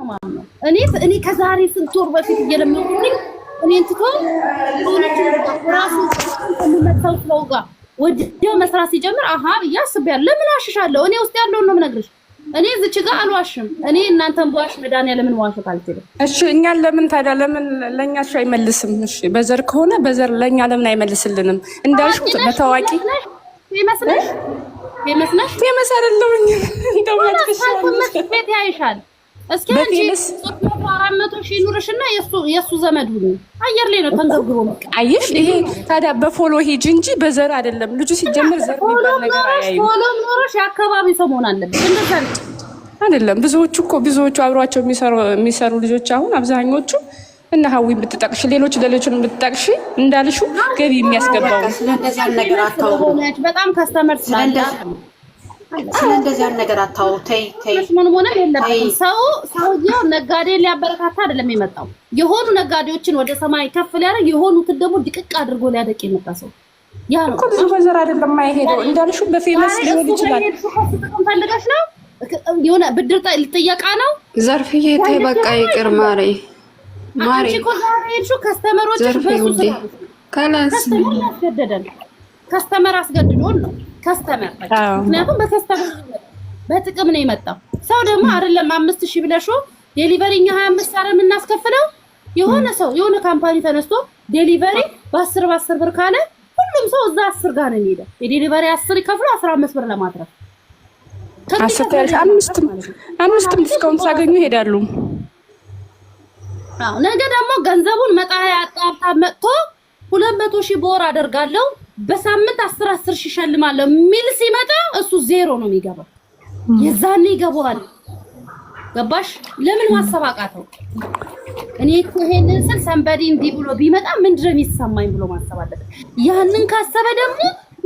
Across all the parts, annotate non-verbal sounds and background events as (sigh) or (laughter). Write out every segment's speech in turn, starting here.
ነው ማለት እኔ እኔ ከዛሬ ስንት ወር በፊት እየለመንኩኝ እኔን ትቶ ራሱ ከሚመጣው ሰው ጋር ወዲያው መስራት ሲጀምር አሀ ብዬ አስቤያለሁ። ለምን አሽሻለሁ? እኔ ውስጥ ያለውን ነው የምነግርሽ። እኔ እዚች ጋር አልዋሽም። እኔ እናንተን በዋሽ መድኃኒዓለም ለምን ዋሽት አልችልም። እሺ እኛን ለምን ታዲያ ለምን ለእኛ እሺ አይመልስም? እሺ በዘር ከሆነ በዘር ለእኛ ለምን አይመልስልንም? እንዳልሽው በታዋቂ ፌመስ ነሽ ፌመስ አይደለሁኝ እንደውም ቤት ያይሻል እስኪ አንቺ መቶ ሺህ ኑርሽና የሱ የሱ ዘመድ ሁኚ። አየር ላይ ነው ተንገብግቦ። አየሽ፣ ይሄ ታዲያ በፎሎ ሂጅ እንጂ በዘር አይደለም። ልጁ ሲጀምር ዘር የሚባል ነገር አያይም። ፎሎ ኑሮሽ የአካባቢ ሰው መሆን አለበት። እንደዛ አይደለም። ብዙዎቹ እኮ ብዙዎቹ አብሯቸው የሚሰሩ የሚሰሩ ልጆች አሁን አብዛኞቹ እና ሀዊ የምትጠቅሽ ሌሎች ሌሎችን የምትጠቅሽ እንዳልሹ ገቢ የሚያስገባው ስለዚህ ነገር አታውቁ። በጣም ካስተመር ስላለ ስለ እንደዚህ አይነት ነገር አታው ተይ ተይ። ምን ሆነ የለብን ሰው ሰውዬው ነጋዴ ሊያበረታታ አይደለም የመጣው። የሆኑ ነጋዴዎችን ወደ ሰማይ ከፍ ሊያደርግ፣ የሆኑትን ደግሞ ድቅቅ አድርጎ ሊያደቅ የመጣ ሰው ያ ነው እኮ። ብዙ በዘር አይደለም የማይሄደው እንዳልሽው በፌመስ ሊሆን ይችላል። ፈልገሽ ነው የሆነ ብድር ልጠየቃ ነው። ዘርፍዬ ተይ በቃ ይቅር ማሬ ማሬ ከስተመሮች ከስተመር አስገድዶን ነው ከስተመር ምክንያቱም በከስተመር በጥቅም ነው የመጣው ሰው ደግሞ አይደለም አምስት ሺህ ብለሾ ዴሊቨሪ እኛ ሀያ አምስት አረ የምናስከፍለው የሆነ ሰው የሆነ ካምፓኒ ተነስቶ ዴሊቨሪ በአስር በአስር ብር ካለ ሁሉም ሰው እዛ አስር ጋር ነው የሚሄደው። የዴሊቨሪ አስር ይከፍሉ አስራ አምስት ብር ለማድረግ አምስትም ዲስካውንት ሳገኙ ይሄዳሉ። ነገ ደግሞ ገንዘቡን መጣ ያጣብታ መጥቶ ሁለት መቶ ሺህ በወር አደርጋለሁ በሳምንት አስር አስር ሺህ እሸልማለሁ ሚል ሲመጣ እሱ ዜሮ ነው የሚገባው። የዛኔ ይገባዋል። ገባሽ? ለምን ማሰብ አቃተው? እኔ እኮ ይሄንን ስል ሰንበዲ እንዲህ ብሎ ቢመጣ ምንድን ነው የሚሰማኝ ብሎ ማሰብ አለበት። ያንን ካሰበ ደግሞ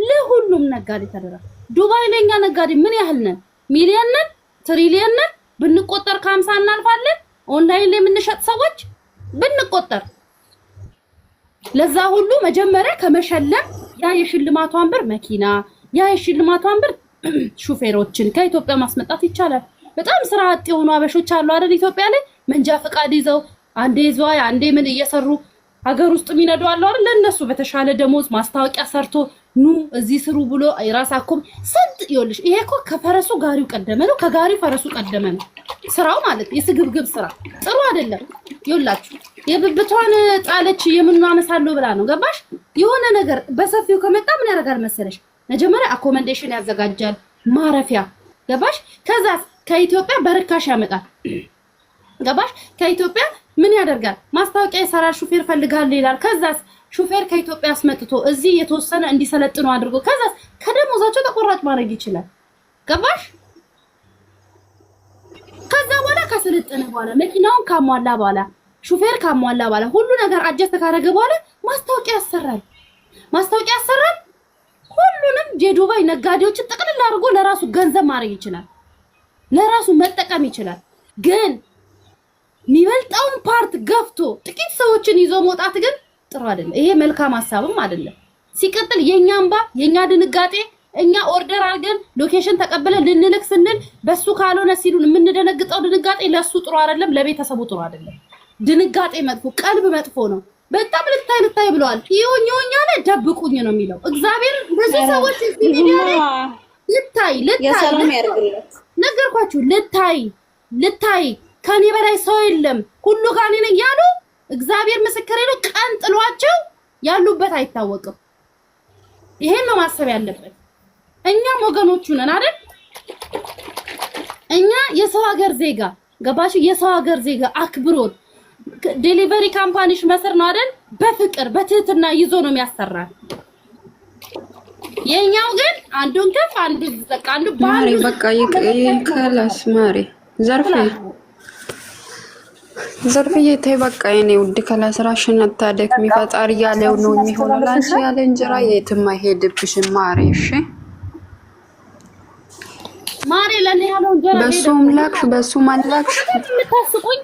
ለሁሉም ነጋዴ ተደራ ዱባይ ለኛ ነጋዴ ምን ያህል ነን? ሚሊየን ነን? ትሪሊየን ነን? ብንቆጠር ከሀምሳ እናልፋለን። ኦንላይን ላይ የምንሸጥ ሰዎች ብንቆጠር ለዛ ሁሉ መጀመሪያ ከመሸለም ያ የሽልማቷን አንበር መኪና፣ ያ የሽልማቷን አንበር (clears throat) ሹፌሮችን ከኢትዮጵያ ማስመጣት ይቻላል። በጣም ስራ አጥ የሆኑ አበሾች አሉ አይደል? ኢትዮጵያ ላይ መንጃ ፈቃድ ይዘው አንዴ ዝዋይ አንዴ ምን እየሰሩ ሀገር ውስጥ የሚነዱ አሉ አይደል? ለእነሱ በተሻለ ደሞዝ ማስታወቂያ ሰርቶ ኑ እዚህ ስሩ ብሎ የራሳኩም ስንት ይኸውልሽ፣ ይሄ እኮ ከፈረሱ ጋሪው ቀደመ ነው፣ ከጋሪው ፈረሱ ቀደመ ነው። ስራው ማለት የስግብግብ ስራ ጥሩ አይደለም። ይውላችሁ የብብቷን ጣለች የምናመሳለሁ ብላ ነው ገባሽ? የሆነ ነገር በሰፊው ከመጣ ምን ያደርጋል መሰለሽ? መጀመሪያ አኮመንዴሽን ያዘጋጃል፣ ማረፊያ ገባሽ? ከዛ ከኢትዮጵያ በርካሽ ያመጣል ገባሽ? ከኢትዮጵያ ምን ያደርጋል? ማስታወቂያ የሰራ ሹፌር ፈልጋል ይላል። ከዛ ሹፌር ከኢትዮጵያ አስመጥቶ እዚህ የተወሰነ እንዲሰለጥኑ አድርጎ ከዛ ከደሞዛቸው ተቆራጭ ማድረግ ይችላል። ገባሽ? ከዛ በኋላ ካሰለጠነ በኋላ መኪናውን ካሟላ በኋላ ሹፌር ካሟላ በኋላ ሁሉ ነገር አጀስት ካደረገ በኋላ ማስታወቂያ ያሰራል። ማስታወቂያ ያሰራል። ሁሉንም የዱባይ ነጋዴዎችን ጥቅልል አድርጎ ለራሱ ገንዘብ ማድረግ ይችላል። ለራሱ መጠቀም ይችላል። ግን የሚበልጣውን ፓርት ገፍቶ ጥቂት ሰዎችን ይዞ መውጣት ግን ጥሩ አይደለም። ይሄ መልካም ሀሳብም አይደለም። ሲቀጥል የኛ እንባ የኛ ድንጋጤ እኛ ኦርደር አድርገን ሎኬሽን ተቀብለን ልንልክ ስንል በሱ ካልሆነ ሲሉን የምንደነግጠው ድንጋጤ ለሱ ጥሩ አይደለም፣ ለቤተሰቡ ጥሩ አይደለም። ድንጋጤ መጥፎ፣ ቀልብ መጥፎ ነው። በጣም ልታይ ልታይ ብለዋል። ይሁን ይሁን ደብቁኝ ነው የሚለው። እግዚአብሔር ብዙ ሰዎች ልታይ ልታይ ነገርኳችሁ፣ ልታይ ልታይ ከኔ በላይ ሰው የለም ሁሉ ጋር እኔ ነኝ እግዚአብሔር ምስክሬ ነው። ቀን ጥሏቸው ያሉበት አይታወቅም። ይሄን ነው ማሰብ ያለበት። እኛም ወገኖቹ ነን አይደል? እኛ የሰው ሀገር ዜጋ ገባሽ? የሰው ሀገር ዜጋ አክብሮን ዴሊቨሪ ካምፓኒሽ መስር ነው አይደል? በፍቅር በትህትና ይዞ ነው የሚያሰራል። የኛው ግን አንዱን ከፍ አንዱ ዝቅ አንዱ ባሪ በቃ ይከላስ ማሪ ዘርፌ ዘርፍዬ ተይ በቃ የኔ ውድ ራሽን አታደክሚ። ፈጣሪ ያለው ነው የሚሆነው። ላንቺ ያለ እንጀራ የትም አይሄድብሽም ማሪ እሺ። በሱም ላክሽ በሱም አላክሽ የምታስቁኝ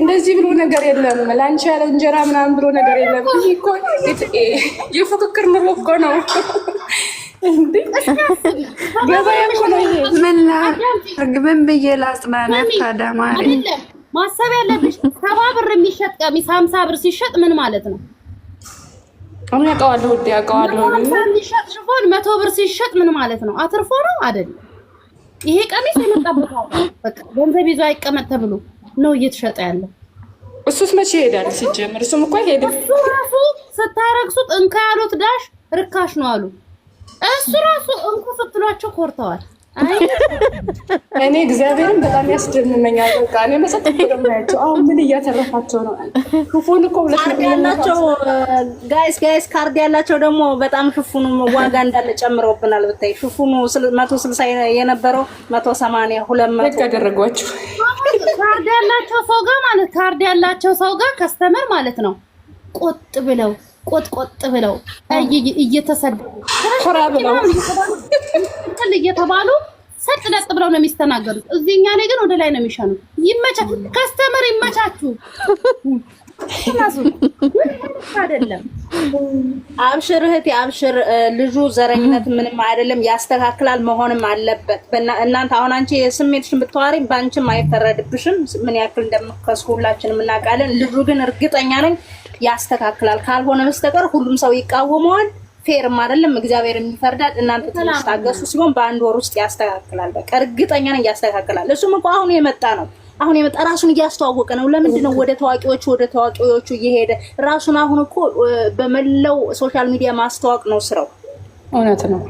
እንደዚህ ብሎ ነገር የለም። ለአንቺ ያለ እንጀራ ምናምን ብሎ ነገር የለም። ይህ እኮ የፉክክር ኑሮ እኮ ነው። ገበያ እኮ ነው። ምን ላድርግ? ምን ብዬ ላጽናናት? ታዳማሪ ማሰብ ያለብሽ ሰባ ብር የሚሸጥ ቀሚስ ሀምሳ ብር ሲሸጥ ምን ማለት ነው? አሁን ያውቀዋለሁ ውዴ ያውቀዋለሁ። የሚሸጥ ሽፎን መቶ ብር ሲሸጥ ምን ማለት ነው? አትርፎ ነው አይደለም? ይሄ ቀሚስ የመጣበት በቃ ገንዘብ ይዞ አይቀመጥ ተብሎ ነው እየተሸጠ ያለው። እሱስ መቼ ይሄዳል? ሲጀምር እሱም እኮ አይሄድም። እሱ ራሱ ስታረግሱት እንካ ያሉት ዳሽ ርካሽ ነው አሉ። እሱ ራሱ እንኩ ስትሏቸው ኮርተዋል። እኔ እግዚአብሔርን በጣም ያስደምመኛል። በቃ እኔ መሰጠ ያቸው አሁን ምን እያተረፋቸው ነው? ክፉን እኮ ካርድ ያላቸው ጋይስ ጋይስ ካርድ ያላቸው ደግሞ በጣም ሽፉኑ ዋጋ እንዳለ ጨምረውብናል። ብታይ ሽፉኑ መቶ ስልሳ የነበረው መቶ ሰማንያ ሁለት መቶ ያደረጓቸው ካርድ ያላቸው ሰው ጋር ማለት ካርድ ያላቸው ሰው ጋር ከስተመር ማለት ነው ቁጥ ብለው ቆጥቆጥ ብለው እየተሰደቡ እየተባሉ ሰጥ ለጥ ብለው ነው የሚስተናገዱት። እዚህኛ ላይ ግን ወደ ላይ ነው የሚሸኑ። ይመቻ ከስተመር ይመቻችሁ። አይደለም አብሽር እህቴ አብሽር። ልጁ ዘረኝነት ምንም አይደለም፣ ያስተካክላል፣ መሆንም አለበት። እናንተ አሁን አንቺ የስሜትሽን ብታዋሪ በአንችም አይፈረድብሽም። ምን ያክል እንደምከሱ ሁላችንም እናውቃለን። ልጁ ግን እርግጠኛ ነኝ ያስተካክላል። ካልሆነ በስተቀር ሁሉም ሰው ይቃወመዋል። ፌርም አይደለም። እግዚአብሔር የሚፈርዳል። እናንተ ትንሽ ታገሱ ሲሆን በአንድ ወር ውስጥ ያስተካክላል። በቃ እርግጠኛ ነኝ ያስተካክላል። እሱም እኮ አሁን የመጣ ነው። አሁን የመጣ ራሱን እያስተዋወቀ ነው። ለምንድን ነው ወደ ታዋቂዎቹ ወደ ታዋቂዎቹ እየሄደ ራሱን? አሁን እኮ በመላው ሶሻል ሚዲያ ማስተዋወቅ ነው ስራው። እውነት ነው።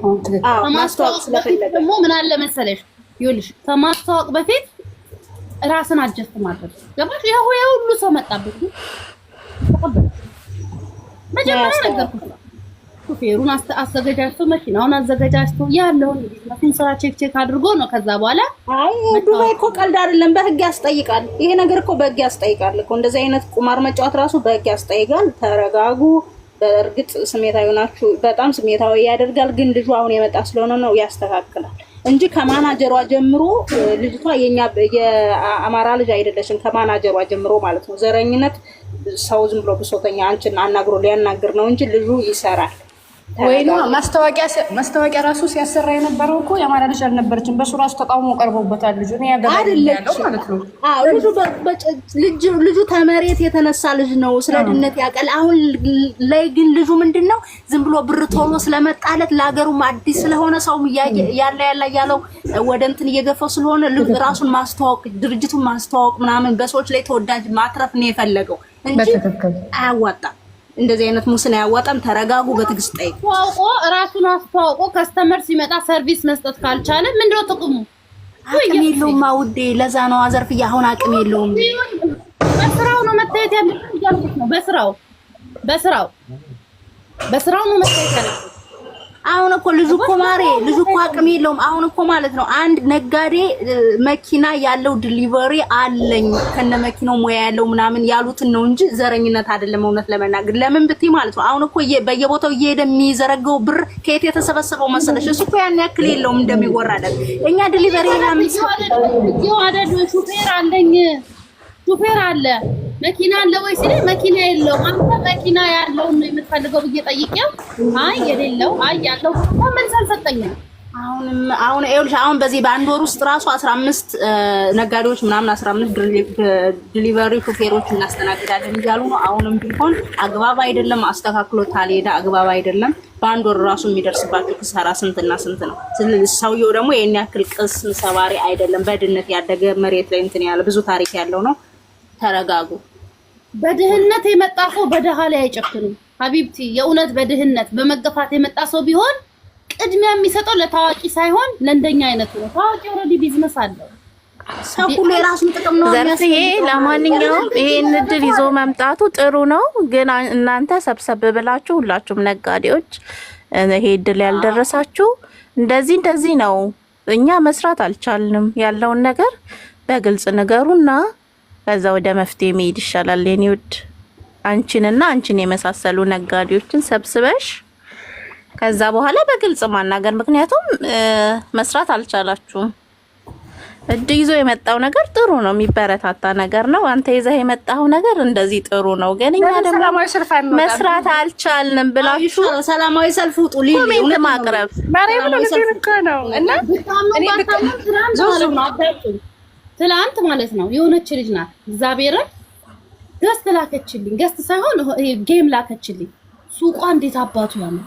ማስተዋወቅ ስለፈለገ ደግሞ ምን አለ መሰለሽ፣ ይኸውልሽ ከማስተዋወቅ በፊት ራስን አጀስት ማድረግ ገባሽ? ያው ሁሉ ሰው መጣበት ተቀበላት። መጀመሪያ ነገርኩት። ሹፌሩን አዘገጃጅቶ መኪናውን አዘገጃጅቶ ያለውን የቤት ስራ ቼክ ቼክ አድርጎ ነው። ከዛ በኋላ አይ ዱባይ እኮ ቀልድ አይደለም፣ በህግ ያስጠይቃል። ይሄ ነገር እኮ በህግ ያስጠይቃል እኮ እንደዚህ አይነት ቁማር መጫወት ራሱ በህግ ያስጠይቃል። ተረጋጉ። በእርግጥ ስሜታዊ ናችሁ፣ በጣም ስሜታዊ ያደርጋል። ግን ልጁ አሁን የመጣ ስለሆነ ነው ያስተካክላል እንጂ ከማናጀሯ ጀምሮ ልጅቷ የኛ የአማራ ልጅ አይደለችም። ከማናጀሯ ጀምሮ ማለት ነው ዘረኝነት ሰው ዝም ብሎ ብሶተኛ አንቺን አናግሮ ሊያናግር ነው እንጂ ልጁ ይሰራል። ወይኗ ማስታወቂያ ራሱ ሲያሰራ የነበረው እኮ የአማራ ልጅ አልነበረችም። በሱ ራሱ ተቃውሞ ቀርቦበታል። ልጁ ልጁ ተመሬት የተነሳ ልጅ ነው። ስለ ድነት ያቀል አሁን ላይ ግን ልጁ ምንድን ነው ዝም ብሎ ብር ቶሎ ስለመጣለት ለሀገሩም አዲስ ስለሆነ ሰው ያለ ያለ ያለው ወደ እንትን እየገፋው ስለሆነ ራሱን ማስተዋወቅ ድርጅቱን ማስተዋወቅ ምናምን በሰዎች ላይ ተወዳጅ ማትረፍ ነው የፈለገው እንጂ አያዋጣም። እንደዚህ አይነት ሙስና ያዋጣም። ተረጋጉ፣ በትግስት ጠይቁ። አውቆ ራሱን አስተዋውቆ ከስተመር ሲመጣ ሰርቪስ መስጠት ካልቻለ ምንድነው ጥቅሙ? አቅም የለውም ውዴ። ለዛ ነው አዘርፍዬ አሁን አቅም የለውም። በስራው ነው መታየት ያለበት ነው። በስራው በስራው በስራው ነው መታየት ያለበት አሁን እኮ ልጁ እኮ ማሬ ልጁ እኮ አቅም የለውም። አሁን እኮ ማለት ነው አንድ ነጋዴ መኪና ያለው ዲሊቨሪ አለኝ ከነ መኪናው ሙያ ያለው ምናምን ያሉትን ነው እንጂ ዘረኝነት አይደለም። እውነት ለመናገር ለምን ብትይ ማለት ነው አሁን እኮ በየቦታው እየሄደ የሚዘረገው ብር ከየት የተሰበሰበው መሰለሽ? እሱ እኮ ያን ያክል የለውም እንደሚወራለት እኛ ዲሊቨሪ ያምስ ይወደዱ ሹፌር አለኝ ሹፌር አለ መኪና አለ ወይ ሲለኝ መኪና የለውም። አንተ መኪና ያለውን ነው የምትፈልገው ብዬ ጠይቄው፣ አይ የሌለው አይ ያለው መልስ አልሰጠኝም። አሁንም አሁን ይኸውልሽ አሁን በዚህ በአንድ ወር ውስጥ ራሱ 15 ነጋዴዎች ምናምን 15 ዲሊቨሪ ሹፌሮች እናስተናግዳለን እያሉ ነው። አሁንም ቢሆን አግባብ አይደለም፣ አስተካክሎ ታሌዳ አግባብ አይደለም። በአንድ ወር ራሱ የሚደርስባቸው ክሳራ ስንትና ስንት ነው። ሰውየው ደግሞ ይሄን ያክል ቅስም ሰባሪ አይደለም፣ በድነት ያደገ መሬት ላይ እንትን ያለ ብዙ ታሪክ ያለው ነው። ተረጋጉ። በድህነት የመጣ ሰው በድሃ ላይ አይጨክንም። ሀቢብቲ የእውነት በድህነት በመገፋት የመጣ ሰው ቢሆን ቅድሚያ የሚሰጠው ለታዋቂ ሳይሆን ለእንደኛ አይነቱ ነው። ታዋቂ ኦልሬዲ ቢዝነስ አለው። ሰው ሁሉ የራሱን ጥቅም ነው ዘርፍዬ። ለማንኛውም ይሄን እድል ይዞ መምጣቱ ጥሩ ነው፣ ግን እናንተ ሰብሰብ ብላችሁ ሁላችሁም ነጋዴዎች፣ ይሄ እድል ያልደረሳችሁ እንደዚህ እንደዚህ ነው እኛ መስራት አልቻልንም ያለውን ነገር በግልጽ ንገሩና ከዛ ወደ መፍትሄ መሄድ ይሻላል። የኔ ውድ አንቺንና አንቺን የመሳሰሉ ነጋዴዎችን ሰብስበሽ ከዛ በኋላ በግልጽ ማናገር። ምክንያቱም መስራት አልቻላችሁም። እድ ይዞ የመጣው ነገር ጥሩ ነው፣ የሚበረታታ ነገር ነው። አንተ ይዘህ የመጣው ነገር እንደዚህ ጥሩ ነው፣ ግን እኛ ደግሞ መስራት አልቻልንም ብላችሁ ሰላማዊ ሰልፍ ውጡ ኮሜንት ማቅረብ ትላንት ማለት ነው የሆነች ልጅ ናት። እግዚአብሔርን ገስት ላከችልኝ፣ ገስት ሳይሆን ጌም ላከችልኝ። ሱቋ እንዴት አባቱ ያለ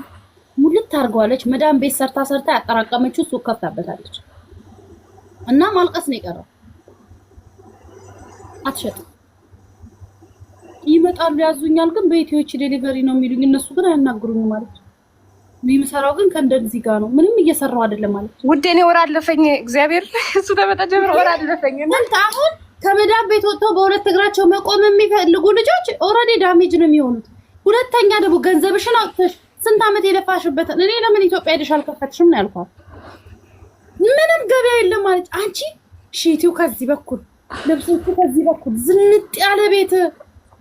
ሙልት ታርገዋለች። መዳም ቤት ሰርታ ሰርታ ያጠራቀመችው ሱቅ ከፍታበታለች። እና ማልቀስ ነው የቀረው። አትሸጥም። ይመጣሉ፣ ያዙኛል፣ ግን በኢትዮች ዴሊቨሪ ነው የሚሉኝ። እነሱ ግን አያናግሩኝ ማለት የሚሰራው ግን ከእንደዚህ ጋር ነው። ምንም እየሰራው አይደለም ማለት ነው። ውዴ እኔ ወር አለፈኝ፣ እግዚአብሔር እሱ ከመጣ ጀምሮ ወር አለፈኝ። አሁን ከመዳም ቤት ወጥተው በሁለት እግራቸው መቆም የሚፈልጉ ልጆች ኦልሬዲ ዳሜጅ ነው የሚሆኑት። ሁለተኛ ደግሞ ገንዘብሽን አውጥተሽ ስንት ዓመት የለፋሽበትን እኔ ለምን ኢትዮጵያ ሄደሽ አልከፈትሽም ነው ያልኳት። ምንም ገበያ የለም ማለች አንቺ ሺቲው ከዚህ በኩል ልብሶቹ ከዚህ በኩል ዝንጥ ያለ ቤት፣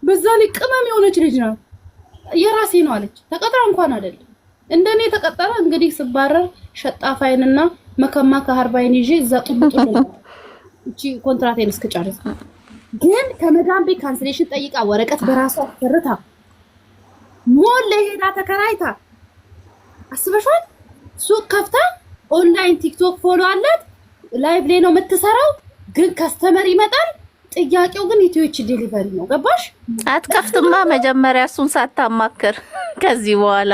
በዛ ላይ ቅመም የሆነች ልጅ ናት። የራሴ ነው አለች። ተቀጥራ እንኳን አይደለም እንደኔ ተቀጠረ እንግዲህ ስባረር ሸጣፋይንና መከማ ከሀርባይን ይዤ እዛ ጥብጡ እቺ ኮንትራቴን እስክጨርስ ግን ከመዳን ቤት ካንስሌሽን ጠይቃ ወረቀት በራሷ አሰርታ ሞል ለሄዳ ተከራይታ አስበሻል። ሱቅ ከፍታ ኦንላይን ቲክቶክ ፎሎ አላት። ላይቭ ላይ ነው የምትሰራው። ግን ከስተመር ይመጣል ጥያቄው ግን ኢትዮች ዴሊቨሪ ነው። ገባሽ? አትከፍትማ መጀመሪያ እሱን ሳታማክር ከዚህ በኋላ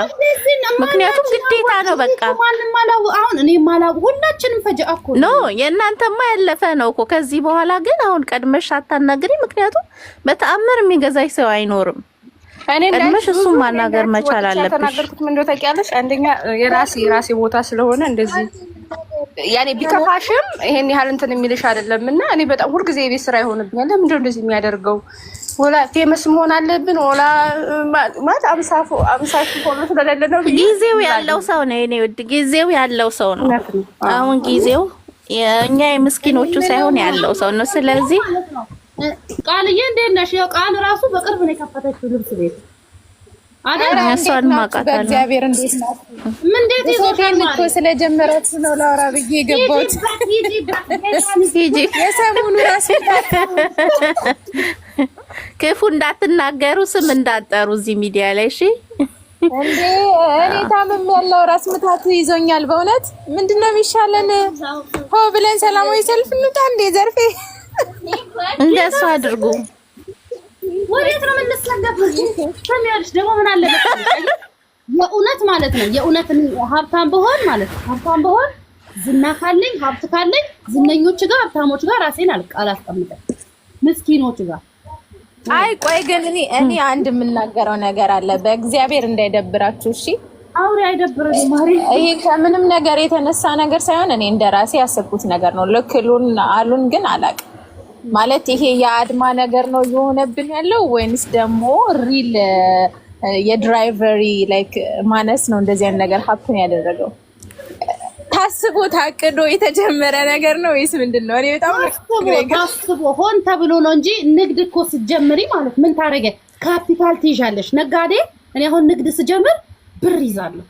ምክንያቱም ግዴታ ነው። በቃ አሁን እኔ ማላው ሁላችንም ፈጀ እኮ ኖ የእናንተማ ያለፈ ነው እኮ ከዚህ በኋላ ግን አሁን ቀድመሽ አታናግሪ። ምክንያቱም በተአምር የሚገዛሽ ሰው አይኖርም። እኔ እንደምሽ እሱ ማናገር መቻል አለብሽ። ተናገርኩት ምን እንደው ታውቂያለሽ። አንደኛ የራሴ የራሴ ቦታ ስለሆነ እንደዚህ ያኔ ቢከፋሽም ይሄን ያህል እንትን የሚልሽ አይደለም። እና እኔ በጣም ሁልጊዜ የቤት ስራ ይሆንብኛል። ለምንድን ነው እንደዚህ የሚያደርገው? ወላ ፌመስ መሆን አለብን ወላ ማለት አምሳፉ አምሳፉ ሆኖ ስለሌለ ነው። ጊዜው ያለው ሰው ነው። እኔ ውድ ጊዜው ያለው ሰው ነው። አሁን ጊዜው እኛ የምስኪኖቹ ሳይሆን ያለው ሰው ነው። ስለዚህ ቃልዬ እንዴት ነሽ? ያው ቃል ራሱ በቅርብ ነው የከፈተችው ልብስ ቤት ክፉ እንዳትናገሩ ስም እንዳጠሩ እዚህ ሚዲያ ላይ እሺ። እንዴ እኔ ታምም ያለው ራስ ምታት ይዞኛል በእውነት ምንድነው የሚሻለን? ሆ ብለን ሰላማዊ ሰልፍ እንውጣ እንዴ ዘርፌ እንደሱ አድርጉ። ወዴት ነው የምንስለገፈው? ደግሞ ምን አለ የእውነት ማለት ነው። የእውነት ሀብታም በሆን ማለት ነው። ሀብታም በሆን ዝና ካለኝ ሀብት ካለኝ ዝነኞች ጋር ሀብታሞች ጋር ራሴን አላስቀምጠም፣ ምስኪኖች ጋር አይ ቆይ ግን እኔ እኔ አንድ የምናገረው ነገር አለ። በእግዚአብሔር እንዳይደብራችሁ እሺ። አውሪ አይደብረኝ ማሪ። ይሄ ከምንም ነገር የተነሳ ነገር ሳይሆን እኔ እንደራሴ ያሰብኩት ነገር ነው። ልክ አሉን ግን አላቅ ማለት ይሄ የአድማ ነገር ነው የሆነብን ያለው ወይንስ ደግሞ ሪል የድራይቨሪ ላይክ ማነስ ነው እንደዚህ አይነት ነገር ሀፕን ያደረገው? ታስቦ ታቅዶ የተጀመረ ነገር ነው ወይስ ምንድን ነው? እኔ በጣም ታስቦ ሆን ተብሎ ነው እንጂ ንግድ እኮ ስትጀምሪ ማለት ምን ታደረገ? ካፒታል ትይዣለሽ። ነጋዴ እኔ አሁን ንግድ ስጀምር ብር ይዛለሁ፣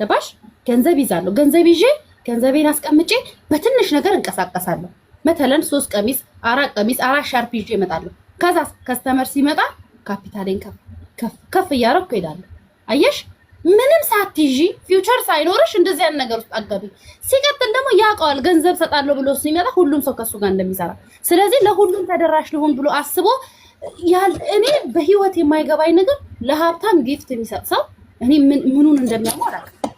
ገባሽ? ገንዘብ ይዛለሁ። ገንዘብ ይዤ ገንዘቤን አስቀምጬ በትንሽ ነገር እንቀሳቀሳለሁ። መተለን ሶስት ቀሚስ አራት ቀሚስ አራት ሻርፕ ይዤ እመጣለሁ። ከዛ ከስተመር ሲመጣ ካፒታሌን ከፍ ከፍ እያደረኩ እሄዳለሁ። አየሽ ምንም ሳትይዢ ፊውቸር ሳይኖርሽ እንደዚህ አይነት ነገር ውስጥ አጋቢ። ሲቀጥል ደግሞ ያውቀዋል ገንዘብ ሰጣለሁ ብሎ ሲመጣ ሁሉም ሰው ከሱ ጋር እንደሚሰራ ስለዚህ ለሁሉም ተደራሽ ልሆን ብሎ አስቦ እኔ በህይወት የማይገባኝ ነገር ለሀብታም ጊፍት የሚሰጥ ሰው እኔ ምኑን እንደሚያማ አላውቅም።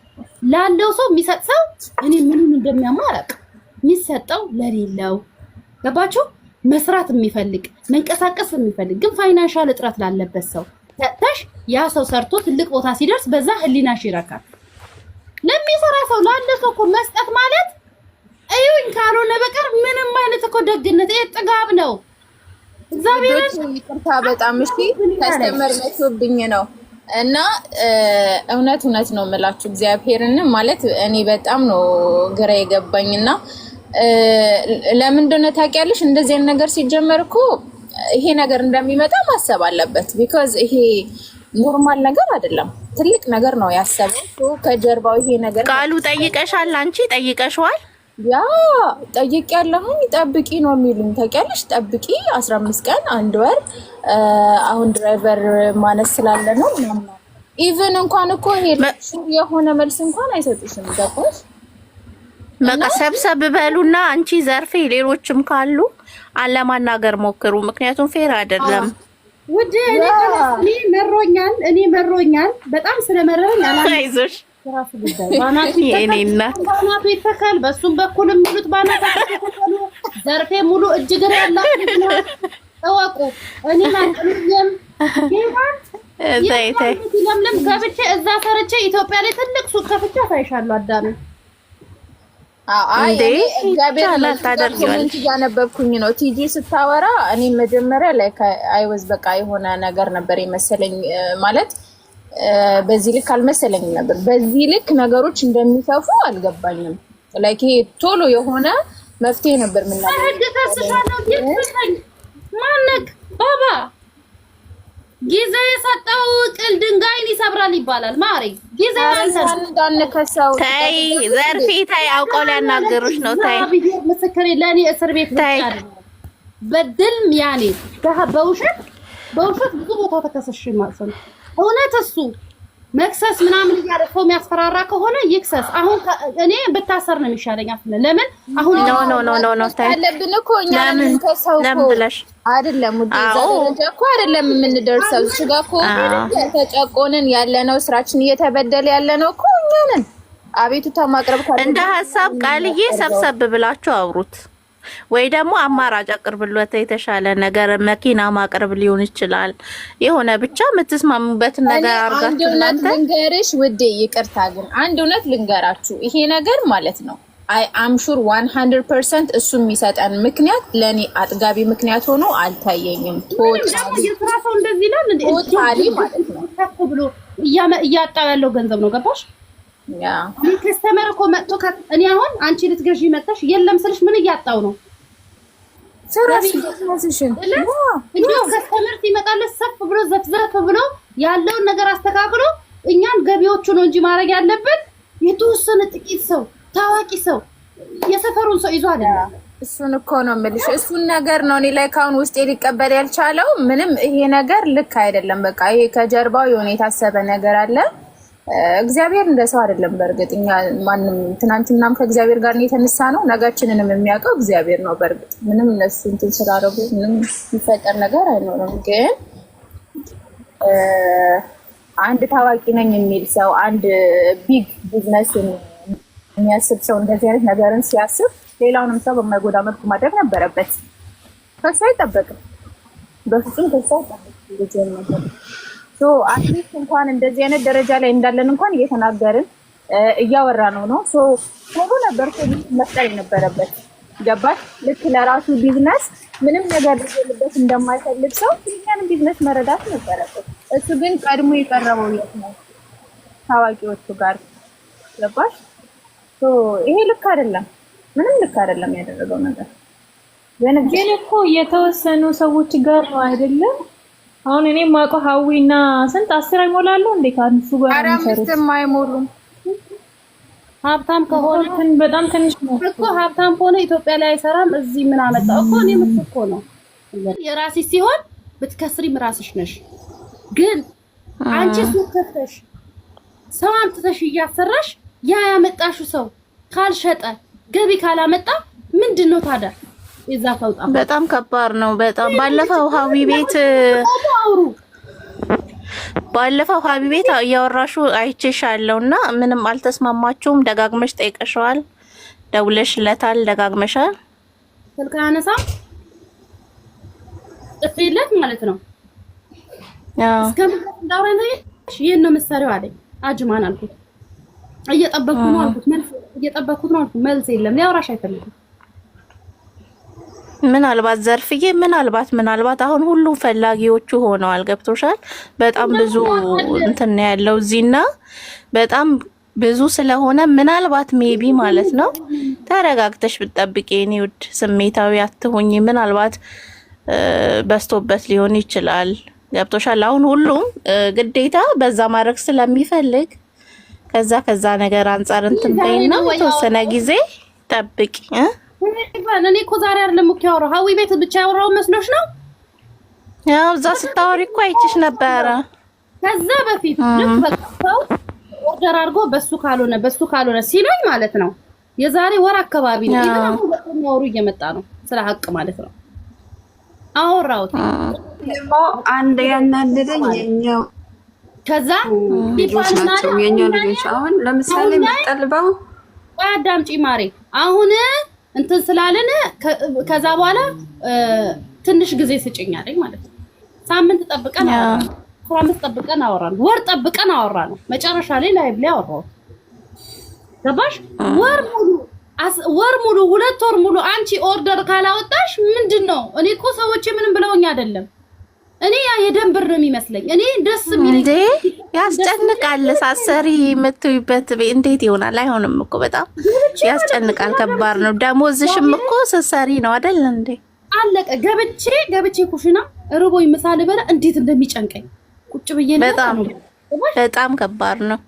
ላለው ሰው የሚሰጥ ሰው እኔ ምኑን እንደሚያማ አላውቅም። የሚሰጠው ለሌለው ገባችሁ? መስራት የሚፈልግ መንቀሳቀስ የሚፈልግ ግን ፋይናንሻል እጥረት ላለበት ሰው ሰጥተሽ ያ ሰው ሰርቶ ትልቅ ቦታ ሲደርስ በዛ ህሊናሽ ይረካል። ለሚሰራ ሰው ለአንድ ሰው እኮ መስጠት ማለት እዩኝ ካልሆነ በቀር ምንም አይነት እኮ ደግነት ጥጋብ ነው። እግዚአብሔርን ይቅርታ፣ በጣም እሺ፣ ከስተመር መቶብኝ ነው እና እውነት እውነት ነው የምላችሁ እግዚአብሔርን ማለት እኔ በጣም ነው ግራ የገባኝና ለምን እንደሆነ ታውቂያለሽ? እንደዚህ አይነት ነገር ሲጀመር እኮ ይሄ ነገር እንደሚመጣ ማሰብ አለበት። ቢኮዝ ይሄ ኖርማል ነገር አይደለም፣ ትልቅ ነገር ነው ያሰበው። ከጀርባው ይሄ ነገር ቃሉ ጠይቀሻል፣ አንቺ ጠይቀሽዋል። ያ ጠይቅ ያለሁኝ ጠብቂ ነው የሚሉኝ ታውቂያለሽ። ጠብቂ አስራ አምስት ቀን አንድ ወር አሁን ድራይቨር ማነስ ስላለ ነው ምናምን። ኢቨን እንኳን እኮ ይሄ የሆነ መልስ እንኳን አይሰጡሽም። ገባሽ? በቃ ሰብሰብ በሉና አንቺ ዘርፌ ሌሎችም ካሉ አለማናገር ሞክሩ። ምክንያቱም ፌር አይደለም። ውድ እኔ መሮኛል እኔ መሮኛል በጣም ስለመረረኝ አላይዞሽ ባናቱ ይተካል። በሱም በኩል የሚሉት ባናቱ ዘርፌ ሙሉ እጅግር ያላችሁ እወቁ። እኔ ማቀምየም ለምለም ገብቼ እዛ ሰርቼ ኢትዮጵያ ላይ ትልቅ ሱቅ ከፍቼ አሳይሻለሁ አዳሜ እግዚአብሔርኮሜንት እያነበብኩኝ ነው። ቲጂ ስታወራ እኔ መጀመሪያ ላይ አይወዝ በቃ የሆነ ነገር ነበር የመሰለኝ ማለት በዚህ ልክ አልመሰለኝም ነበር። በዚህ ልክ ነገሮች እንደሚሰፉ አልገባኝም። ላይክ ቶሎ የሆነ መፍትሄ ነበር ምናምን ጊዜ የሰጠው ቅል ድንጋይን ይሰብራል ይባላል። ማሪ ጊዜ ታይ ዘርፌ ታይ አውቀው ሊያናገሩሽ ነው። ታይ ምስክሬ ለእኔ እስር ቤት ብቻ በድልም ያኔ በውሸት በውሸት ብዙ ቦታ ተከሰሽ ማለት ነው። እውነት እሱ መክሰስ ምናምን እያደረገው የሚያስፈራራ ከሆነ ይክሰስ። አሁን እኔ ብታሰር ነው የሚሻለኝ። ለምን አሁን ለምን ብለሽ አይደለም ውዴ፣ እዛ ደረጃ እኮ አይደለም የምንደርሰው። እዚህ ጋር እኮ ተጨቆንን ነው፣ ስራችን እየተበደለ ያለነው እኮ እኛ ነን። አቤቱታ ማቅረብ እንደ ሀሳብ ቃልዬ ሰብሰብ ብላችሁ አውሩት፣ ወይ ደግሞ አማራጭ አቅርብሎት። የተሻለ ነገር መኪና ማቅረብ ሊሆን ይችላል። የሆነ ብቻ የምትስማሙበትን ነገር አርጋችሁ እናንተ። አንድ እውነት ልንገርሽ ውዴ፣ ይቅርታ ግን አንድ እውነት ልንገራችሁ፣ ይሄ ነገር ማለት ነው አይ አም ሹር 100% እሱ የሚሰጠን ምክንያት ለኔ አጥጋቢ ምክንያት ሆኖ አልታየኝም። ቶታሊ ማለት ነው ብሎ ያለው ገንዘብ ነው። ገባሽ? ያ ከስተመር እኮ መጥቶ እኔ አሁን አንቺ ልትገዢ መጥተሽ የለም ስልሽ ምን እያጣው ነው? ከስተመር ሲመጣለሽ ሰፍ ብሎ ዘፍዘፍ ብሎ ያለውን ነገር አስተካክሎ እኛን ገቢዎቹ ነው እንጂ ማድረግ ያለብን የተወሰነ ጥቂት ሰው ታዋቂ ሰው የሰፈሩን ሰው ይዞ አይደለም። እሱን እኮ ነው የምልሽ። እሱን ነገር ነው እኔ ላይ ካሁን ውስጤ ሊቀበል ያልቻለው። ምንም ይሄ ነገር ልክ አይደለም። በቃ ይሄ ከጀርባው የሆነ የታሰበ ነገር አለ። እግዚአብሔር እንደ ሰው አይደለም። በእርግጥ እኛ ማንም ትናንትናም ከእግዚአብሔር ጋር የተነሳ ነው። ነጋችንንም የሚያውቀው እግዚአብሔር ነው። በእርግጥ ምንም እነሱ እንትን ስላደረጉ ምንም የሚፈጠር ነገር አይኖርም። ግን አንድ ታዋቂ ነኝ የሚል ሰው አንድ ቢግ ቢዝነስ የሚያስብ ሰው እንደዚህ አይነት ነገርን ሲያስብ ሌላውንም ሰው በማይጎዳ መልኩ ማድረግ ነበረበት። ከሱ አይጠበቅም፣ በፍጹም ከሱ አይጠበቅም። አትሊስት እንኳን እንደዚህ አይነት ደረጃ ላይ እንዳለን እንኳን እየተናገርን እያወራ ነው ነው ቶሎ ነበር መፍጠር የነበረበት ገባሽ? ልክ ለራሱ ቢዝነስ ምንም ነገር ልበት እንደማይፈልግ ሰው የኛንም ቢዝነስ መረዳት ነበረበት። እሱ ግን ቀድሞ የቀረበው የት ነው ታዋቂዎቹ ጋር ገባሽ? ይሄ ልክ አይደለም፣ ምንም ልክ አይደለም ያደረገው ነገር። ግን እኮ የተወሰኑ ሰዎች ጋር ነው አይደለም። አሁን እኔ ማቆ ሀዊ እና ስንት አስር አይሞላሉ እንዴ? ከአንሱ ጋር ነው ሰሩት። አይሞሉም። ሀብታም ከሆነ በጣም ትንሽ ነው እኮ ሀብታም ከሆነ ኢትዮጵያ ላይ አይሰራም። እዚህ ምን አመጣው እኮ እኔ ምት እኮ ነው የራስሽ ሲሆን ብትከስሪም ራስሽ ነሽ። ግን አንቺ ሱቅ ከፍተሽ ሰው አምጥተሽ እያሰራሽ ያ ያመጣሽው ሰው ካልሸጠ ገቢ ካላመጣ ምንድን ነው ታዲያ? የዛ ከውጣ በጣም ከባድ ነው። በጣም ባለፈው ሀዊ ቤት ባለፈው ሀቢ ቤት እያወራሹ አይቼሻለሁ እና ምንም አልተስማማችሁም። ደጋግመሽ ጠይቀሸዋል፣ ደውለሽለታል፣ ደጋግመሻል። ስልክ አነሳ ጥፍለት ማለት ነው እስከምን እንዳውራ ነው ይሄን ነው መሳሪያው አለኝ አጅማን አልኩት ነው አልኩት፣ መልስ እየጠበኩት ነው አልኩት፣ መልስ የለም። ሊያወራሽ አይፈልግም። ምናልባት ዘርፍዬ፣ ምናልባት ምናልባት አሁን ሁሉም ፈላጊዎቹ ሆነዋል። ገብቶሻል? በጣም ብዙ እንትን ያለው እዚህና በጣም ብዙ ስለሆነ ምናልባት ሜቢ ማለት ነው ተረጋግተሽ ብትጠብቂ የኔ ውድ፣ ስሜታዊ አትሁኝ። ምናልባት በስቶበት ሊሆን ይችላል። ገብቶሻል? አሁን ሁሉም ግዴታ በዛ ማድረግ ስለሚፈልግ ከዛ ከዛ ነገር አንጻር እንትን በይና የተወሰነ ጊዜ ጠብቂ። እኔ እኮ ዛሬ አይደለም እኮ ያወራው ሀዊ ቤት ብቻ ያወራው መስሎሽ ነው። ያው እዛ ስታወሪ እኮ አይችሽ ነበረ። ከዛ በፊት ልክ በቃ ሰው ኦርደር አድርጎ በሱ ካልሆነ በሱ ካልሆነ ሲለኝ ማለት ነው የዛሬ ወር አካባቢ ነው። ይሄን አሁን ወሩ እየመጣ ነው፣ ስለ ሀቅ ማለት ነው አወራሁት። ደግሞ አንድ ያናደደኝ የኛው ከዛ ልጆች ናቸው የኛ ልጆች። አሁን ለምሳሌ የምትጠልበው አዳምጪ ማሬ፣ አሁን እንትን ስላለን ከዛ በኋላ ትንሽ ጊዜ ስጭኝ አለኝ ማለት ነው። ሳምንት ጠብቀን አወራን፣ አስራ አምስት ጠብቀን አወራን፣ ወር ጠብቀን አወራን። መጨረሻ ላይ ላይቭ ላይ አወራው ገባሽ? ወር ሙሉ ወር ሙሉ ሁለት ወር ሙሉ አንቺ ኦርደር ካላወጣሽ ምንድን ነው? እኔ እኮ ሰዎች ምንም ብለውኝ አይደለም እኔ ያ የደም ብር ነው የሚመስለኝ። እኔ ደስ የሚል እንዴ ያስጨንቃል። ሳሰሪ የምትይበት እንዴት ይሆናል? አይሆንም እኮ በጣም ያስጨንቃል። ከባድ ነው። ደሞዝሽም እኮ ሰሰሪ ነው አይደል እንዴ? አለቀ። ገብቼ ገብቼ ኩሽና ርቦኝ ምሳ ልበላ እንዴት እንደሚጨንቀኝ ቁጭ ብዬ በጣም በጣም ከባድ ነው።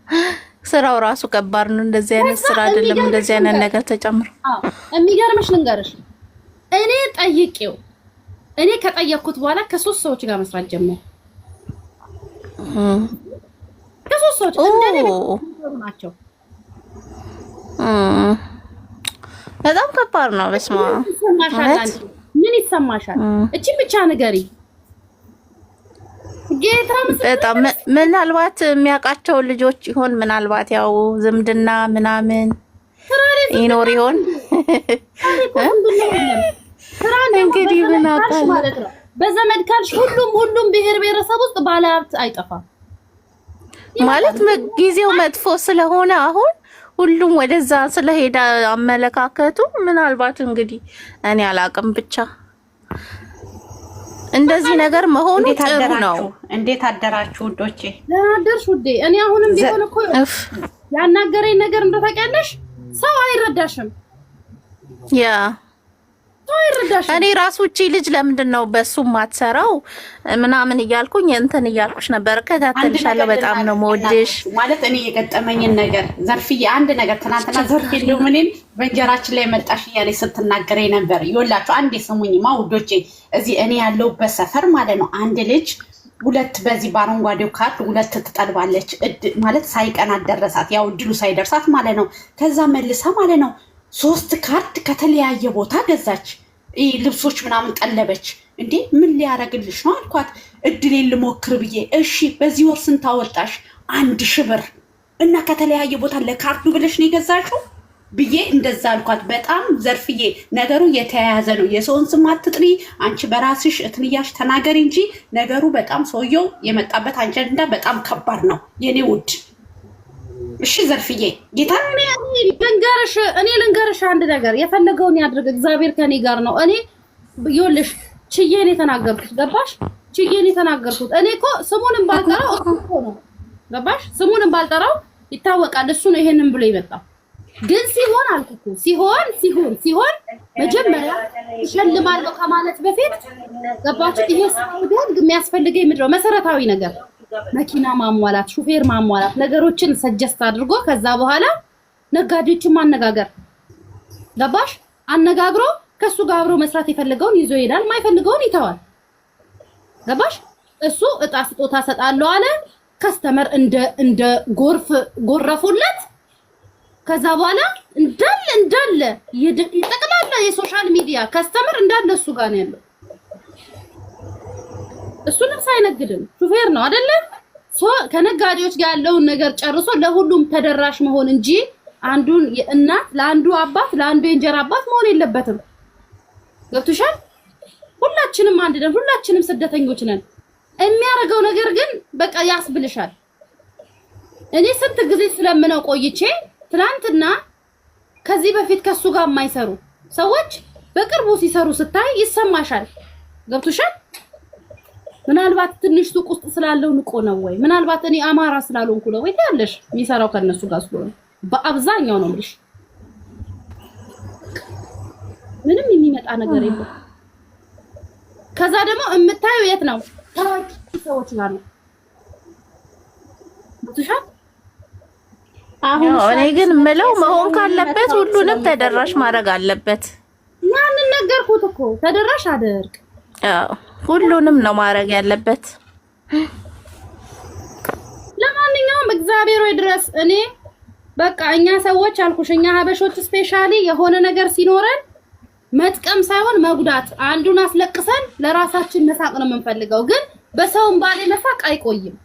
ስራው ራሱ ከባድ ነው። እንደዚህ አይነት ስራ አይደለም እንደዚህ አይነት ነገር ተጨምሮ የሚገርምሽ ልንገርሽ እኔ ጠይቄው እኔ ከጠየቅኩት በኋላ ከሶስት ሰዎች ጋር መስራት ጀመር። ከሶስት ሰዎች እንደኔ ናቸው። በጣም ከባድ ነው። በስማ ምን ይሰማሻል? እቺ ብቻ ንገሪ። በጣም ምናልባት የሚያውቃቸው ልጆች ይሆን ምናልባት ያው ዝምድና ምናምን ይኖር ይሆን እንግዲህ ምን አውቃለሁ ማለት ነው። በዘመድ ካልሽ ሁሉም ሁሉም ብሔር ብሔረሰብ ውስጥ ባለ ሀብት አይጠፋም ማለት ጊዜው መጥፎ ስለሆነ አሁን ሁሉም ወደዛ ስለሄደ አመለካከቱ ምናልባት እንግዲህ እኔ አላቅም ብቻ እንደዚህ ነገር መሆኑ ጥሩ ነው። እንዴት አደራችሁ ውዶቼ? ለአደርሽ ውዴ። እኔ አሁንም ቢሆን እኮ ያናገረኝ ነገር እንደው ሰው አይረዳሽም ያ እኔ ራሱ እቺ ልጅ ለምንድን ነው በሱ ማትሰራው ምናምን እያልኩኝ እንትን እያልኩሽ ነበር። እከታተልሻለሁ። በጣም ነው የምወድሽ። ማለት እኔ የገጠመኝን ነገር ዘርፍዬ፣ አንድ ነገር ትናንትና ዘርፍ የለው ምንን በእንጀራችን ላይ መጣሽ እያለች ስትናገረኝ ነበር። ይኸውላችሁ አንድ የስሙኝማ ውዶቼ፣ እዚህ እኔ ያለሁበት ሰፈር ማለት ነው አንድ ልጅ ሁለት በዚህ በአረንጓዴው ካርድ ሁለት ትጠልባለች ማለት ሳይቀናት ደረሳት፣ ያው እድሉ ሳይደርሳት ማለት ነው። ከዛ መልሳ ማለት ነው ሶስት ካርድ ከተለያየ ቦታ ገዛች። ልብሶች ምናምን ጠለበች። እንዴ ምን ሊያደርግልሽ ነው አልኳት። እድሌን ልሞክር ብዬ እሺ፣ በዚህ ወር ስንት አወጣሽ? አንድ ሽብር ብር እና ከተለያየ ቦታ ለካርዱ ብለሽ ነው የገዛሽው ብዬ እንደዛ አልኳት። በጣም ዘርፍዬ ነገሩ የተያያዘ ነው። የሰውን ስም አትጥሪ፣ አንቺ በራስሽ እትንያሽ ተናገሪ እንጂ ነገሩ በጣም ሰውየው የመጣበት አጀንዳ በጣም ከባድ ነው የኔ ውድ እሺ ዘርፍዬ ጌታ ልንገርሽ፣ እኔ ልንገርሽ አንድ ነገር፣ የፈለገውን ያድርግ እግዚአብሔር ከኔ ጋር ነው። እኔ ይኸውልሽ ችዬን የተናገርኩት ገባሽ? ችዬን የተናገርኩት እኔ እኮ ስሙንም ባልጠራው እኮ ነው ገባሽ? ስሙንም ባልጠራው ይታወቃል እሱ ነው ይሄንን ብሎ የመጣው ግን ሲሆን አልኩኩ ሲሆን ሲሆን ሲሆን መጀመሪያ እሸልማለሁ ከማለት በፊት ገባችሁ? ይሄ ሰው የሚያስፈልገኝ ምንድን ነው መሰረታዊ ነገር መኪና ማሟላት፣ ሹፌር ማሟላት፣ ነገሮችን ሰጀስት አድርጎ ከዛ በኋላ ነጋዴዎችን ማነጋገር ገባሽ? አነጋግሮ ከሱ ጋር አብሮ መስራት የፈልገውን ይዞ ይሄዳል፣ ማይፈልገውን ይተዋል። ገባሽ? እሱ እጣ ስጦታ ሰጣለሁ አለ። ከስተመር እንደ እንደ ጎርፍ ጎረፉለት። ከዛ በኋላ እንዳለ እንዳለ ጠቅላላ የሶሻል ሚዲያ ከስተመር እንዳለ እሱ ጋር ነው ያለው። እሱንም ሳይነግድም ሹፌር ነው አይደለም። ከነጋዴዎች ጋር ያለውን ነገር ጨርሶ ለሁሉም ተደራሽ መሆን እንጂ አንዱን እናት ለአንዱ አባት ለአንዱ የእንጀራ አባት መሆን የለበትም። ገብቶሻል? ሁላችንም አንድ ነን። ሁላችንም ስደተኞች ነን። የሚያደርገው ነገር ግን በቃ ያስብልሻል። እኔ ስንት ጊዜ ስለምነው ቆይቼ ትናንትና ከዚህ በፊት ከሱ ጋር የማይሰሩ ሰዎች በቅርቡ ሲሰሩ ስታይ ይሰማሻል። ገብቶሻል? ምናልባት ትንሽ ሱቅ ውስጥ ስላለው ንቆ ነው ወይ? ምናልባት እኔ አማራ ስላልሆንኩ ነው ወይ? ያለሽ የሚሰራው ከነሱ ጋር ስለሆነ በአብዛኛው ነው የምልሽ። ምንም የሚመጣ ነገር የለም። ከዛ ደግሞ የምታየው የት ነው? ታዋቂ ሰዎች ጋር ነው እኔ ግን ምለው መሆን ካለበት ሁሉንም ተደራሽ ማድረግ አለበት። ማንን ነገርኩት እኮ ተደራሽ አደርግ? አዎ ሁሉንም ነው ማድረግ ያለበት። ለማንኛውም እግዚአብሔር ወይ ድረስ እኔ በቃ እኛ ሰዎች አልኩሽ፣ እኛ ሀበሾች ስፔሻሊ የሆነ ነገር ሲኖረን መጥቀም ሳይሆን መጉዳት፣ አንዱን አስለቅሰን ለራሳችን መሳቅ ነው የምንፈልገው። ግን በሰውን ባሌ መሳቅ አይቆይም።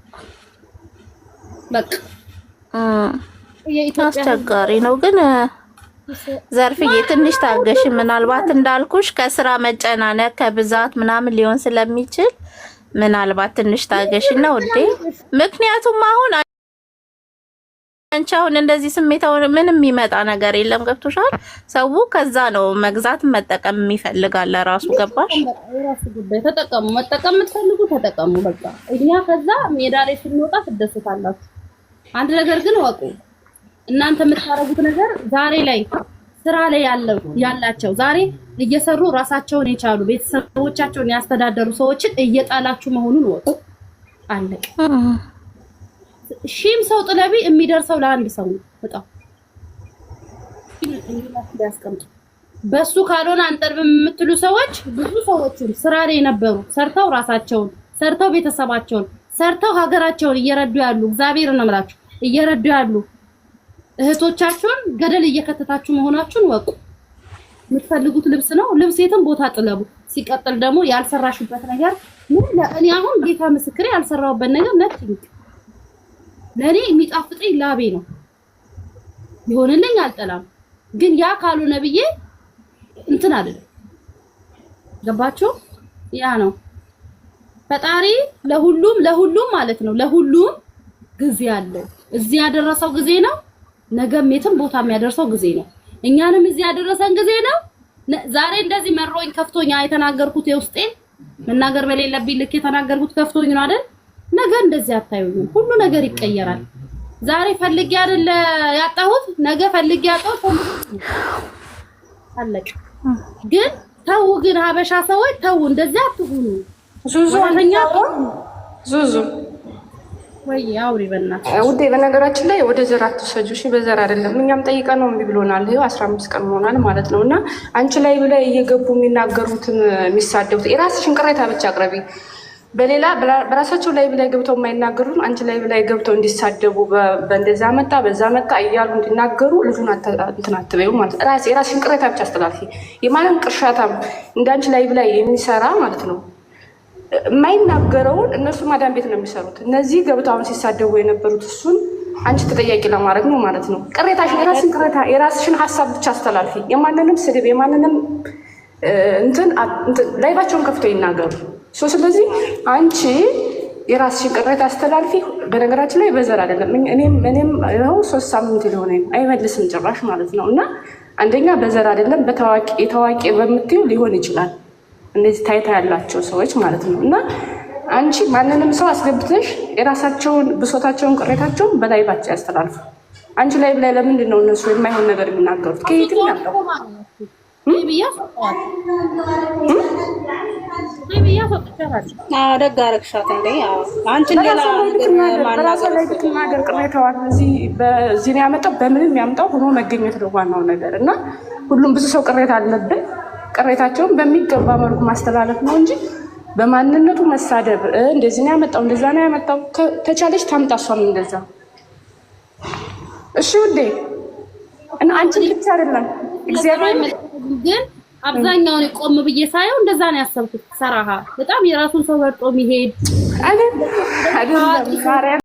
በቃ አስቸጋሪ ነው ግን ዘርፍዬ ትንሽ ታገሽ። ምናልባት እንዳልኩሽ ከስራ መጨናነቅ ከብዛት ምናምን ሊሆን ስለሚችል ምናልባት ትንሽ ታገሽ ነው እንዴ? ምክንያቱም አሁን አንቺ አሁን እንደዚህ ስሜታው ምንም የሚመጣ ነገር የለም። ገብቶሻል? ሰው ከዛ ነው መግዛት መጠቀም የሚፈልጋል። ለራሱ ገባሽ? ራሱ ጉዳይ ተጠቀሙ። መጠቀም የምትፈልጉ ተጠቀሙ። በቃ እኛ ከዛ ሜዳ ላይ ስንወጣ ትደሰታላችሁ። አንድ ነገር ግን ወቁ እናንተ የምታረጉት ነገር ዛሬ ላይ ስራ ላይ ያለው ያላቸው ዛሬ እየሰሩ ራሳቸውን የቻሉ ቤተሰቦቻቸውን ያስተዳደሩ ሰዎችን እየጣላችሁ መሆኑን ወቁ። አለቅ ሺም ሰው ጥለቢ የሚደርሰው ለአንድ ሰው ነው። በጣም ያስቀምጡ። በሱ ካልሆነ አንጠርብ የምትሉ ሰዎች ብዙ ሰዎችን ስራ ላይ የነበሩ ሰርተው ራሳቸውን ሰርተው ቤተሰባቸውን ሰርተው ሀገራቸውን እየረዱ ያሉ እግዚአብሔር ነው የምላችሁ እየረዱ ያሉ እህቶቻችሁን ገደል እየከተታችሁ መሆናችሁን ወቁ። የምትፈልጉት ልብስ ነው። ልብስ የትም ቦታ ጥለቡ። ሲቀጥል ደግሞ ያልሰራሽበት ነገር ምን ለእኔ አሁን ጌታ ምስክሬ ያልሰራሁበት ነገር ነችኝ። ለእኔ የሚጣፍጠኝ ላቤ ነው። ይሆንልኝ አልጠላም፣ ግን ያ ካልሆነ ብዬ እንትን አይደለም። ገባችሁ? ያ ነው ፈጣሪ ለሁሉም ለሁሉም ማለት ነው ለሁሉም ጊዜ አለው። እዚህ ያደረሰው ጊዜ ነው። ነገም የትም ቦታ የሚያደርሰው ጊዜ ነው። እኛንም እዚህ ያደረሰን ጊዜ ነው። ዛሬ እንደዚህ መሮኝ ከፍቶኛ የተናገርኩት የውስጤን መናገር በሌለብኝ ልክ የተናገርኩት ከፍቶኝ ነው አይደል? ነገ እንደዚህ አታዩኝም። ሁሉ ነገር ይቀየራል። ዛሬ ፈልጌ አይደለ ያጣሁት፣ ነገ ፈልጌ ያጣሁት አለቀ። ግን ተው፣ ግን ሀበሻ ሰዎች ተው፣ እንደዚህ አትሁኑ ዙዙ ውዴ በነገራችን ላይ ወደ ዘር አትውሰጁ። እሺ በዘር አይደለም እኛም ጠይቀ ነው እምቢ ብሎናል። ይኸው አስራ አምስት ቀን መሆናል ማለት ነው። እና አንቺ ላይ ብላ እየገቡ የሚናገሩትን የሚሳደቡት የራስሽን ቅሬታ ብቻ አቅረቢ። በሌላ በራሳቸው ላይ ላይ ገብተው የማይናገሩን አንቺ ላይ ላይ ገብተው እንዲሳደቡ በእንደዛ መጣ በዛ መጣ እያሉ እንዲናገሩ ልጁን እንትን አትበይው ማለት ነው። የራስሽን ቅሬታ ብቻ አስተላልፊ። የማንም ቅርሻታም እንደ አንቺ ላይ ላይ የሚሰራ ማለት ነው የማይናገረውን እነሱ ማዳን ቤት ነው የሚሰሩት። እነዚህ ገብታውን ሲሳደቡ የነበሩት እሱን አንቺ ተጠያቂ ለማድረግ ነው ማለት ነው። ቅሬታሽን ቅሬታ የራስሽን ሀሳብ ብቻ አስተላልፊ። የማንንም ስድብ የማንንም እንትን ላይባቸውን ከፍተው ይናገሩ። ስለዚህ አንቺ የራስሽን ቅሬታ አስተላልፊ። በነገራችን ላይ በዘር አይደለም። እኔም እኔም ይኸው ሶስት ሳምንት ሊሆነ አይመልስም ጭራሽ ማለት ነው። እና አንደኛ በዘር አይደለም በታዋቂ የታዋቂ በምትይው ሊሆን ይችላል እንደዚህ ታይታ ያላቸው ሰዎች ማለት ነው። እና አንቺ ማንንም ሰው አስገብተሽ የራሳቸውን ብሶታቸውን፣ ቅሬታቸውን በላይባቸው ያስተላልፉ። አንቺ ላይ ላይ ለምንድን ነው እነሱ የማይሆን ነገር የሚናገሩት? ከየትም ያለው ደግ ቅሬታዋን እዚህ በዚህ ያመጣው። በምንም ያምጣው ሆኖ መገኘት ነው ዋናው ነገር እና ሁሉም ብዙ ሰው ቅሬታ አለብን ቅሬታቸውን በሚገባ መልኩ ማስተላለፍ ነው እንጂ በማንነቱ መሳደብ እንደዚህ ነው ያመጣው፣ እንደዛ ነው ያመጣው። ተቻለች ታምጣ እንደዛ። እሺ ውዴ እና አንቺ ብቻ አይደለም እግዚአብሔር ግን አብዛኛውን ቆም ብዬ ሳየው እንደዛ ነው ያሰብኩት። ሰራሃ በጣም የራሱን ሰው መርጦ የሚሄድ